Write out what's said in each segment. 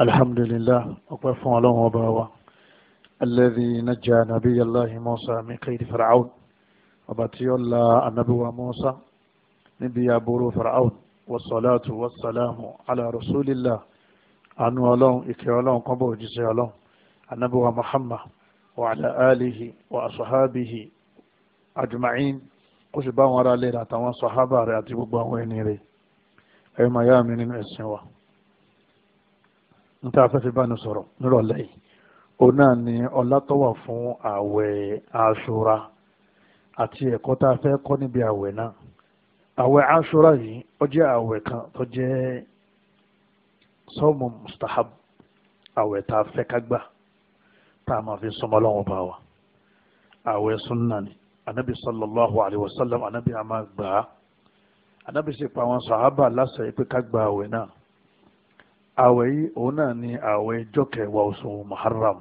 الحمد لله أقف الله وبروا الذي نجى نبي الله موسى من قيد فرعون وباتي الله النبي موسى نبي أبو فرعون والصلاة والسلام على رسول الله أنو الله إكي الله قبو جزي الله النبي محمد وعلى آله وأصحابه أجمعين قشبان ورا ليلة وصحابة رأتي ببان وينيري أيما يامن الإسنوة níta afẹ́fẹ́ bá ní sọ̀rọ̀ nírọ̀lẹ́ yìí òun náà ni ọlá tó wà fún ààwẹ̀ aṣọra àti ẹ̀kọ́ tá a fẹ́ kọ́ níbi ààwẹ̀ náà ààwẹ̀ aṣọra yìí ó jẹ́ ààwẹ̀ kan tó jẹ́ sọ́ọ̀mù mustahab ààwẹ̀ tá a fẹ́ ká gbà tá a máa fi sọmọ lọ́wọ́ bá wa ààwẹ̀ sunna ni anabi sallallahu alayhi wa sallam anabi a máa gbà á anabi sì pa àwọn sàhábà lásà yìí pé ká gba ààwẹ̀ náà àwẹ̀ yìí òun náà ni àwẹ̀ ìjọ kẹwàá oṣù muharram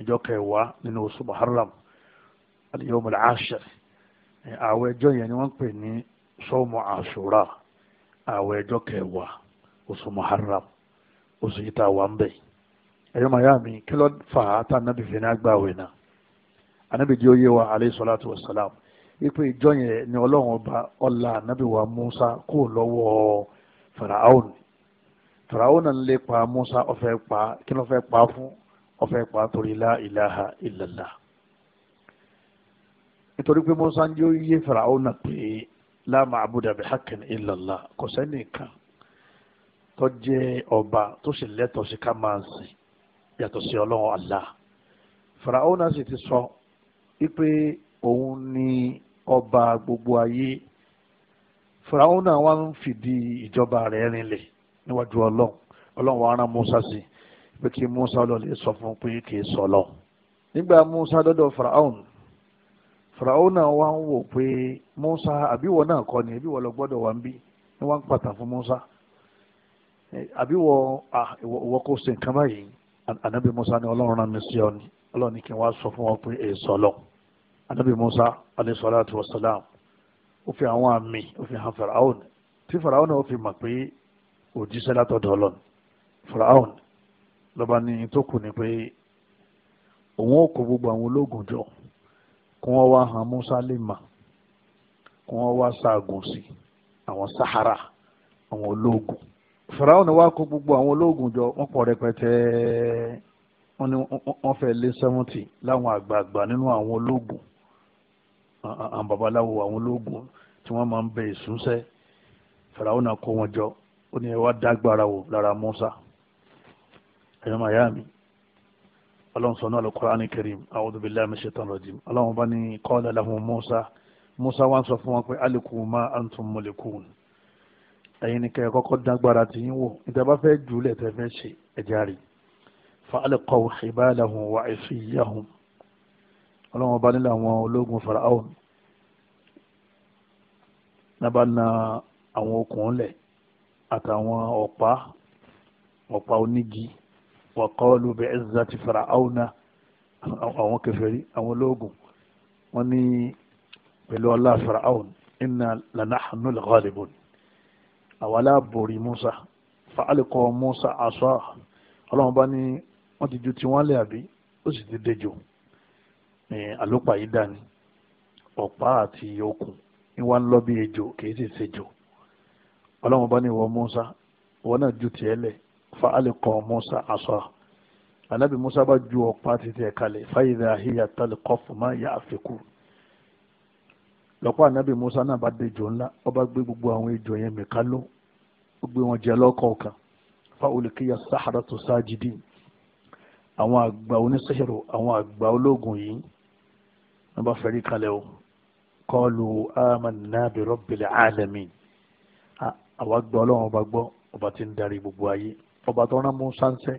ìjọ kẹwàá nínú oṣù muharram al-yawm al-ashir àwẹ̀ ìjọ yẹn ni wọ́n pè ní sọ́ọ̀mù àṣùrà àwẹ̀ ìjọ kẹwàá oṣù muharram oṣù yìí tá a wà ń bẹ̀ ẹ̀yọ́ màá yá mi kí ló fà á tá anábì fi ní agbáwé náà anábì di oyé wa aleyhi salatu wa salam wípé ìjọ yẹn ni ọlọ́run ọba ọ̀la anábì wa musa kó lọ́wọ́ faraon fìràwọ́ náà ń lè pa Musa ọ̀fẹ́ pa kí ló fẹ́ pa fún ọ̀fẹ́ pa torí la ilaha illallah nítorí pé Musa ń jó yé fìràwọ́ náà pé la ma'buda bihaqqin illallah kò sẹ́nìkan tó jẹ́ ọba tó sì lẹ́tọ̀ọ́ sí ká máa sìn yàtọ̀ sí ọlọ́run Allah fìràwọ́ sì ti sọ wípé òun ni ọba gbogbo ayé fìràwọ́ náà fìdí ìjọba rẹ̀ rinlẹ̀ níwájú ọlọ́run ọlọ́run wa rán musa si, pé kí musa lọ́ọ́ sọ fún pé kì í sọ lọ. nígbà musa dọ́dọ̀ faraon faraon náà wá ń wò pé musa àbíwọ náà kọ́ ni àbíwọ lọ gbọ́dọ̀ wá ń bí ni wọ́n ń pàtà fún musa àbíwọ ìwọ kò ṣe nǹkan báyìí anabi musa ni ọlọ́run rán mi sí ọ ni ọlọ́run ní kí n wá sọ fún wọn pé èyí sọ lọ anabi musa alayhi salatu wa salam ó fi àwọn àmì ó fi hàn faraon tí faraon náà ó fi mọ̀ pé òjíṣẹ́ látọ̀dọ̀ ọlọ́run fúráhùn lọ́ba ní tó kù ní pé òun ò kó gbogbo àwọn ológun jọ kí wọ́n wá han Musa lè mà kí wọ́n wá ṣaagùn sí àwọn sahara àwọn ológun fúráhùn wá kó gbogbo àwọn ológun jọ wọ́n pọ̀ rẹpẹtẹ wọ́n ní wọ́n fẹ́ lé sẹ́wọ́ntì láwọn àgbààgbà nínú àwọn ológun àwọn babaláwo àwọn ológun tí wọ́n máa ń bẹ ìsúnṣẹ́ fúráhùn kó wọn jọ ó ní ẹ wá dágbára wò lára Musa ẹ̀yọ́ màá yá mi ọlọ́run sọ náà lọ Qur'an Karim a'udhu billahi minash shaitanir rajim ọlọ́run bá ní qala lahum Musa Musa wá ń sọ fún wọn pé aliku ma antum mulikun ẹ̀yin ni kẹ́ ẹ kọ́kọ́ dágbára tí yín wò níta bá fẹ́ jù lẹ̀ tẹ́ fẹ́ ṣe ẹ̀já rí fa alqaw hibalahum wa isiyahum ọlọ́run bá nílò àwọn ológun Fáráò náà bá na àwọn okùn lẹ̀ àtàwọn ọ̀pá ọ̀pá onígi wàkọ́ọ̀lù bẹ́ẹ̀ zati faraawuna àwọn kèfèrí àwọn ológun wọ́n ní pẹ̀lú ọlá faraawun inna lanahanu laghalibun àwọn aláàbòrí musa fa'alikọ musa asọ́ ọlọ́run bá ní wọ́n ti ju tiwọn lẹ́ àbí ó sì ti dejò àlópa yìí dání ọ̀pá àti okùn ni wọ́n ń lọ bí ejò kì í sì ṣejò ọlọ́run bá ní ìwọ musa ìwọ náà ju tiẹ̀ lẹ̀ fa alqā musa asā anabi musa bá ju ọ̀pá títí ẹ̀ kalẹ̀ fa idhā hiya talqafu mā yafikūn lọ́pọ̀ anabi musa náà bá dé jò ńlá ó bá gbé gbogbo àwọn ejò yẹn mìká ló gbé wọn jẹ lọ́kọ̀ọ̀kan fa ulqiya as-saḥaratu sājidīn àwọn àgbà oníṣẹ́ṣẹ́rò àwọn àgbà ológun yìí wọ́n bá fẹ́rí kalẹ̀ o qalu āmannā bi rabbil ālamīn àwa gbọ́ ọlọ́run ọba gbọ́ ọba tí ń darí gbogbo ayé ọba tó rán musa ń sẹ́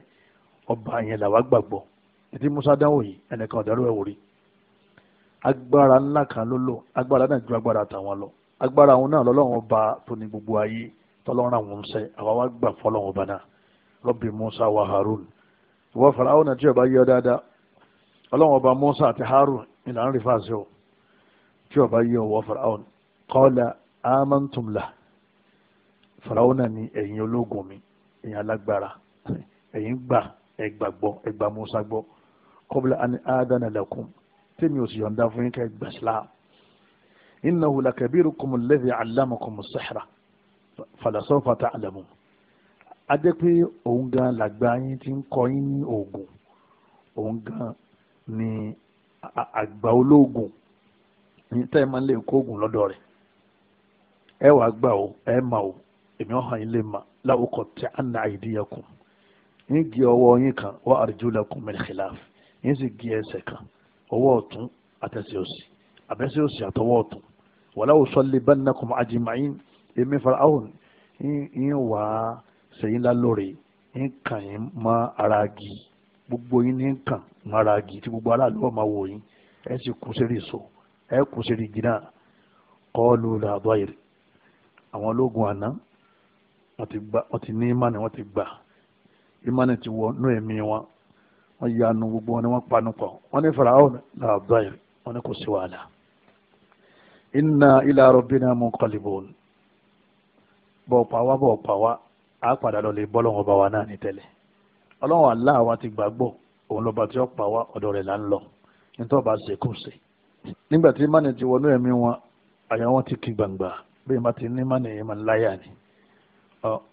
ọba yẹn làwa gbàgbọ́ títí musa dáhùn yìí ẹnìkan ọ̀dọ́rú ẹ̀ wò rí agbára ńlá kan ló lò agbára náà ju agbára tàwọn lọ agbára àwọn náà lọ́lọ́run ọba tó ní gbogbo ayé tọ́lọ́run àwọn ń àwa wá gbà fọ́lọ́run ọba náà rọ́bì musa wa harun ìwọ farao náà tí ọba yọ dáadáa ọlọ́run ọba musa àti harun ìlànà rìfáàsì ọ tí ọba yọ wọ farao qala amantum lah faraona ni ẹ̀yin ológun mi ẹ̀yin alágbára ẹ̀yin gbà ẹ gbàgbọ́ ẹ gbà Musa gbọ́ kọ́bílà àni àádánà lakum tèmi ò sì yọ̀ǹda fún yín ká ẹ gbà Islam innahu lakabirukum alladhi allamakum as-sihra falasawfa ta'lamun adé pé òun gan làgbà yín ti ń kọ́ yín ní oògùn òun gan ni àgbà olóògùn ní tẹ́ lè kó oògùn lọ́dọ̀ rẹ̀ ẹ wàá gbà ó ẹ mà ó èmi ọ̀hàn ilé ma láwùkọ̀ tí a nà àìdíyàkùn ń gé ọwọ́ yín kan wọ́n àrùjúlẹ̀kùn min khilaf ń sì gé ẹsẹ̀ kan ọwọ́ ọ̀tún àtẹsẹ̀ òsì àbẹ́sẹ̀ òsì àtọwọ́ ọ̀tún wọ́n láwù sọ́lé bannakum ajma'in èmi fara áhùn ń wà á sẹ́yìn lálórí ń kàn yín mọ́ ara gi gbogbo yín ní kàn mọ́ ara gi tí gbogbo aráàlú ọ̀ wò yín ẹ sì kú sẹ́rì so ẹ kú sẹ́rì jìnnà kọ́ lóla àbáyé àwọn ológun àná wọ́n ti gba wọ́n ti ní ìmánì wọ́n ti gbà ìmánì ti wọ inú ẹ̀mí wọn wọ́n yanu gbogbo wọn ni wọ́n panu pọ̀ wọ́n ní Fáráò náà báyìí wọ́n ní kò sí wàhálà inna ila rabbina munqalibun bọ̀ pa wá bọ̀ pa wá á padà lọ lè bọ́ lọ́wọ́ bá wa náà ní tẹ́lẹ̀ ọlọ́wọ́ Allah wa ti gbàgbọ́ òun lọ́ba tí ó pa wá ọ̀dọ̀ rẹ̀ là ń lọ nítorí ọba ṣe kù sí nígbà tí ìmánì ti wọnú ẹ̀mí wọn àyà wọn ti kí gbangba bí ìmá ti ní ìmánì yẹn láyà ni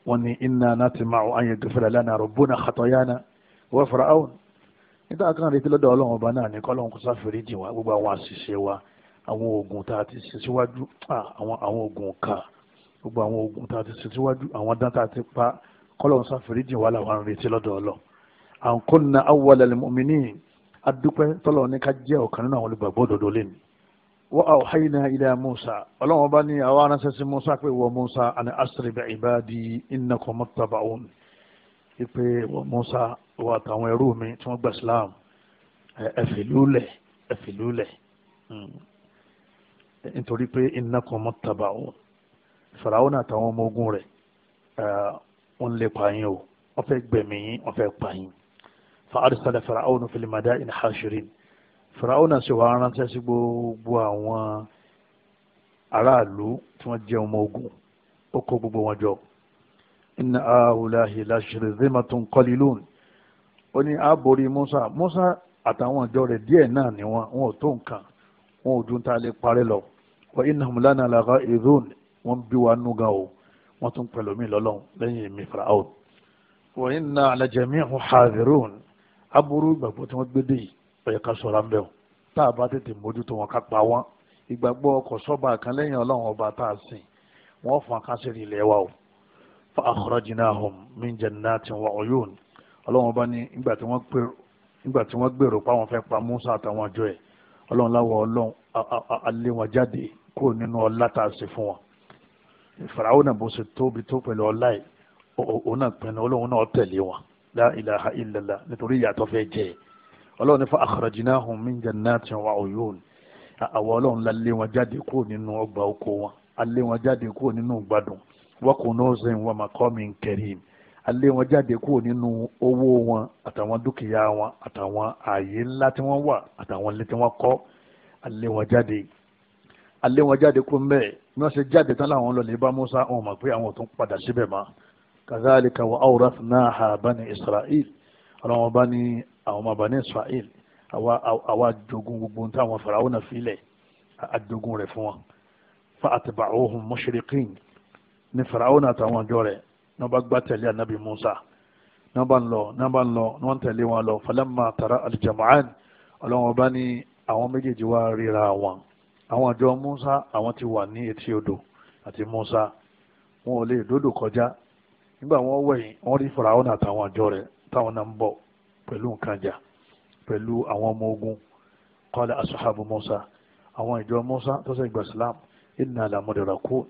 wọ́n ní inna natma'u an yaghfira lana rabbuna khatayana wa fir'aun níta kan retí lọ́dọ̀ ọlọ́run ọba náà ní kọ́lọ́run kó sáfìrí jì wá gbogbo àwọn àṣìṣe wa àwọn oògùn tá a ti ṣe síwájú àwọn oògùn ká gbogbo àwọn oògùn tá a ti ṣe síwájú àwọn dán tá a ti pa kọ́lọ́run sáfìrí jì wá làwọn retí lọ́dọ̀ ọlọ́run an kunna awwalal mu'minin adúpẹ́ tọ́lọ́ ní ká jẹ́ ọ̀kan nínú àwọn olùgbàgbọ́ òdodo lẹ́nu wa awhayna ila musa ọlọ́run bá ní àwọn aránṣẹ́ sí musa pé wọ musa àni asiri bẹ ibadi innakum muttaba'un ipe wọ musa wà táwọn ẹrú mi tí wọ́n gba islam ẹ̀fìlúlẹ̀ ẹ̀fìlúlẹ̀ hmm. nítorí pé innakum muttaba'un faraona àtàwọn ọmọ ogun rẹ̀ wọ́n lè pààyàn o wọ́n fẹ́ gbẹ̀mí yín wọ́n pààyàn fa arsala faraona fil madain hashirin faraona sì wá ránṣẹ́ sí gbogbo àwọn aráàlú tí wọ́n jẹ́ ọmọ ogun ó kó gbogbo wọn jọ inna ahulahi lashiri zimatun qalilun ó ní àbórí musa musa àtàwọn ìjọ rẹ̀ díẹ̀ náà ni wọn wọn ò tó nǹkan wọn ò dún tá a lè parẹ́ lọ wa innahum lana laghaizun wọn bí wa nú o wọn tún pẹ̀lú mi lọ́lọ́run lẹ́yìn èmi faraon wa inna ala jami'u hadhirun aburú gbàgbọ́ tí wọ́n gbé dé yìí ọ̀yẹ̀ ká sọ̀rọ̀ à ń bẹ̀ o tá a bá tètè mójútó wọn ká pa wọn ìgbàgbọ́ ọkọ̀ sọ́ba kan lẹ́yìn ọlọ́run ọba tá a sìn wọ́n fún akásìrì ilẹ̀ wa o fa akhrajnahum min jannatin wa uyun ọlọ́run ọba ní ìgbà tí wọ́n gbèrò páwọn fẹ́ pa Musa àtàwọn àjọ ẹ̀ ọlọ́run láwọ̀ ọlọ́run alẹ́ wọn jáde kó nínú ọlá tá a sì fún wọn Fáráò náà bó ṣe tóbi tó pẹ̀lú ọlá yìí òun náà pinnu ọlọ́run náà tẹ̀lé wọn la ilaha nítorí ìyàtọ̀ fẹ́ jẹ́ ẹ̀ ọlọ́run ní fa akhrajnahum min jannatin wa uyun àwọn ọlọ́run la lé wọn jáde kúrò nínú ọgbà oko wọn a lé wọn jáde kúrò nínú gbádùn wa kunuzin wa maqamin karim a lé wọn jáde kúrò nínú owó wọn àtàwọn dúkìá wọn àtàwọn ààyè ńlá tí wọ́n wà àtàwọn ilé tí wọ́n kọ́ a wọn jáde a wọn jáde kúrò mẹ́ẹ̀ bí wọ́n ṣe jáde tán láwọn lọ bá Musa ọ̀hún mọ̀ pé àwọn ò tún padà síbẹ̀ mọ́ kazalika wa awrathnaha bani Isra'il ọlọ́run bá ní àwọn ọmọ bani israel àwa jogun gbogbo táwọn faraona filẹ̀ àjogun rẹ̀ fún wọn fa atba'uhum mushriqin ní faraona àtàwọn ọjọ́ rẹ̀ ní wọ́n bá gbá tẹ̀lé anabi musa ní wọ́n bá ń lọ ní wọ́n bá ń lọ ní wọ́n tẹ̀lé wọn lọ falamma tara al-jam'an ọlọ́wọ́n ọba ní àwọn méjèèjì wá ríra wọn àwọn àjọ musa àwọn ti wà ní etí odò àti musa wọn ò lè dódò kọjá nígbà wọn wẹ̀yìn wọn rí faraona àtàwọn ọjọ́ rẹ̀ táwọn náà ń bọ̀ pẹ̀lú nǹkan jà pẹ̀lú àwọn ọmọ ogun qala ashabu Musa àwọn ìjọ Musa tó ṣe gba Islam inna la mudrakun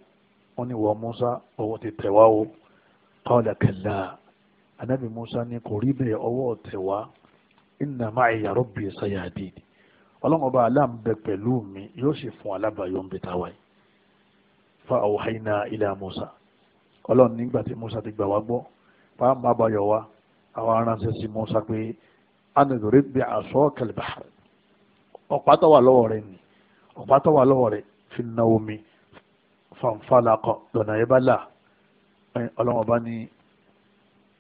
wọn ni wọ́n Musa ọwọ́ ti tẹ̀ wá o qala kalla anabi Musa ni kò rí bẹ́ẹ̀ ọwọ́ tẹ̀ wá inna ma'iya rabbi sayadin ọlọ́run ọba aláǹbẹ pẹ̀lú mi yóò sì fún alábàáyọ ń bẹ táwa yìí fa awhayna ila Musa ọlọ́run nígbà tí Musa ti gbà wá gbọ́ fa máa bá yọ àwọn aránṣẹ́ sí Musa pé anadori bí aṣọ kẹlẹbàárẹ ọ̀pá tó wà lọ́wọ́ rẹ̀ ni ọ̀pá tó wà lọ́wọ́ rẹ̀ fi na omi fanfalakọ lọ́nà ẹ̀ bá là ọlọ́wọ́n bá ní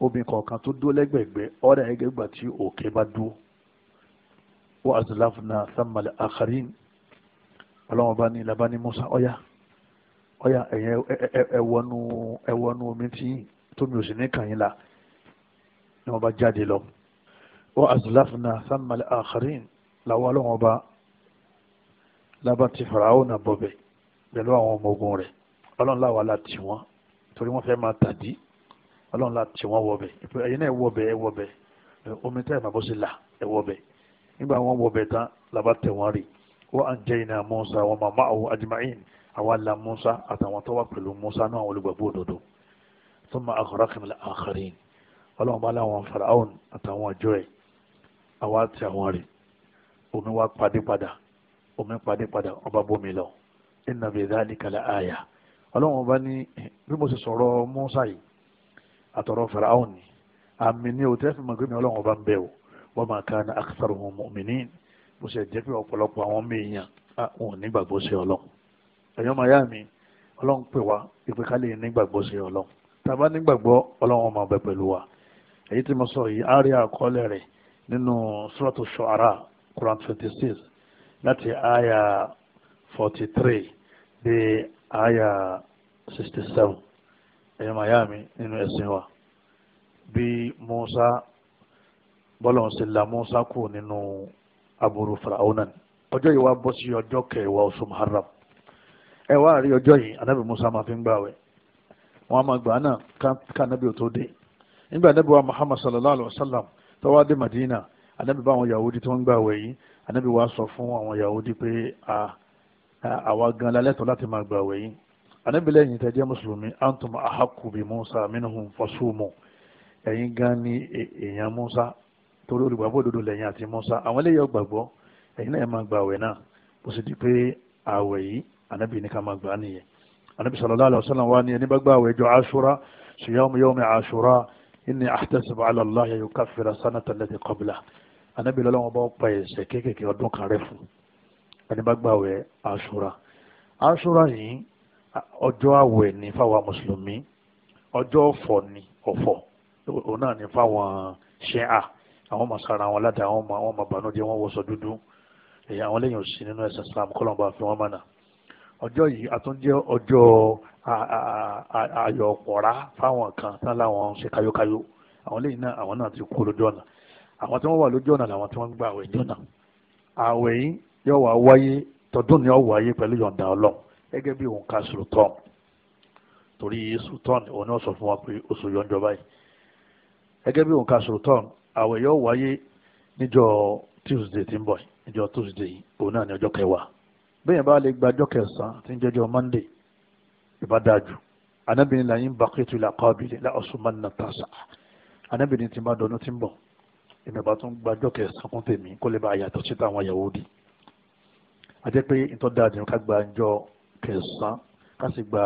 omi kọ̀ọ̀kan tó dúró lẹ́gbẹ̀gbẹ́ ọ̀rẹ́ ẹ̀gẹ́ gbà tí òkè bá dúró wọ́n azlafna thammal akharin ọlọ́wọ́n bá ní labá ní Musa ọ̀yá ọ̀yá ẹ̀yẹ ẹ̀wọ́nú omi tí tómi ò sì ní kàn yín la ni wọ́n bá jáde lọ wọ́n azulafna samal akharin làwọn ọlọ́wọ́n bá lábá ti Fáráò náà bọ̀bẹ̀ pẹ̀lú àwọn ọmọ ogun rẹ̀ ọlọ́run láwa la tì wọ́n torí wọ́n fẹ́ máa tàdí ọlọ́run la tì wọ́n wọ̀bẹ̀ ẹ̀yin náà wọ̀bẹ̀ ẹ wọ̀bẹ̀ omi tẹ́ ẹ̀ máa bọ́ sí là ẹ wọ̀bẹ̀ nígbà wọn wọ̀bẹ̀ tán làbá tẹ̀ wọ́n rí wa anjayna musa wa ma'ahu ajma'in àwa la musa àtàwọn tó pẹ̀lú musa náà àwọn olùgbàgbọ́ òdodo thumma aghraqna al-akharin ọlọ́run bá láwọn faraon àtàwọn ọjọ́ ẹ̀ àwa àti àwọn rẹ̀ omi wá padé padà omi padé padà ọba bómi lọ inna bi dhalika la aya ọlọ́run bá ní eh, bí mo sì sọ̀rọ̀ Mùsá yìí àtọ̀rọ̀ faraon ni àmì ní o tẹ́fì mọ̀ gbẹ́mi ọlọ́run bá ń bẹ̀ o wa ma kana aktharuhum mu'minin mo sì jẹ́ pé ọ̀pọ̀lọpọ̀ àwọn mèèyàn wọn nígbàgbọ́ sí ọlọ́run ẹ̀yọ́ màyá mi ọlọ́run pè wá èyí tí mo sọ yìí á rí àkọọ́lẹ̀ rẹ̀ nínú suratu shu'ara quran twenty six láti aya forty three dé aya sixty seven ẹ̀yọ́ mayami nínú ẹ̀sìn wa bí musa bọ́lọ̀ ṣe la musa kù nínú aburú faraona ọjọ́ yìí wá bọ́ sí ọjọ́ kẹwàá oṣù muharram ẹ wá rí ọjọ́ yìí anabi musa máa fi ń gbààwẹ̀ wọ́n á máa gbà náà ká anabi ò tó dé nígbà anábì wa muhammad sallallahu alayhi wa sallam tó wá dé madina anábì bá àwọn yahudi tó ń gbà wẹ̀ yìí anábì wa sọ fún àwọn yahudi pé àwa gan lálẹ́tọ̀ láti máa gbà wẹ̀ yìí anábì lẹ́yìn tẹ́ jẹ́ mùsùlùmí antum ahaku bi musa minhum fasumu ẹ̀yin gan ni èèyàn musa torí olùgbàgbọ́ òdodo lẹ́yìn àti musa àwọn eléyìí ọgbàgbọ́ ẹ̀yin náà máa gbà wẹ̀ náà bó sì di pé àwẹ̀ yìí anábì ní ká máa gbà nìyẹn anábì sallallahu alayhi wa sallam wa ni ẹni bá gbà wẹ̀ jọ aṣura siyamu yawmi aṣura inni ahtasibu ala Allah ya yukaffira sanata allati qabla anabi lọ́wọ́ bá pa ẹ̀ṣẹ̀ kéékèèké ọdún kan rẹ̀ fún ẹni bá gbàwẹ̀ aṣura aṣura yìí ọjọ́ àwẹ̀ ní fáwọn mùsùlùmí ọjọ́ ọ̀fọ̀ ni ọ̀fọ̀ òun náà ní fáwọn ṣẹ́à àwọn ọmọ sara wọn ládàá àwọn ọmọ àwọn ọmọ bànújẹ́ wọn wọṣọ dúdú àwọn lẹ́yìn òsì nínú ẹ̀sìn Islam kọ́lọ́mù bá fi wọ́n ọjọ́ yìí àtúnjẹ́ ọjọ́ ayọ̀pọ̀ra fáwọn kan tán láwọn ṣe káyókáyó àwọn lẹ́yìn náà àwọn náà ti kú lójú ọ̀nà àwọn tí wọ́n wà lójú ọ̀nà làwọn tí wọ́n ń gba àwẹ̀ jọ́nà àwẹ̀ yìí yóò wá wáyé tọdún ni ó wáyé pẹ̀lú yọ̀ǹda ọlọ́run gẹ́gẹ́ bí òun ka sultan torí sultan òun náà sọ fún wa pé oṣù yọ̀ǹjọ báyìí gẹ́gẹ́ bí òun ka sultan àwẹ̀ yóò wáyé níjọ́ tuesday tí ń bọ̀ níjọ́ tuesday òun náà ní ọjọ́ kẹwàá bẹ́ẹ̀ bá lè gbàjọ́ kẹsàn-án tí ń jẹ́jọ́ monday ìbádájú anábìnrin la yín bàkẹ́tù la kọ́bìlì la ọ̀ṣunmọ́n na tàṣà anábìnrin ti máa dọ̀nù tí ń bọ̀ ìmọ̀ba tún gbàjọ́ kẹsàn-án kún tèmi kó lè bá yàtọ̀ sí táwọn Yahudi àti pé ìtọ́ dáadé ká gba ìjọ kẹsàn-án ká sì gba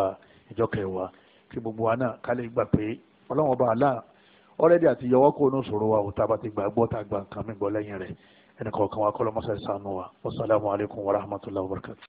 ìjọ kẹwàá kí gbogbo wa náà ká lè gbà pé ọlọ́wọ́n bá a láà ọ̀rẹ́dì àti yọwọ́ kó ẹnì kọ̀ọ̀kan wa kọ́lọ́ mọ́sá ìsànú wa wasalaamu alaykum wa rahmatulahi wa barakatu.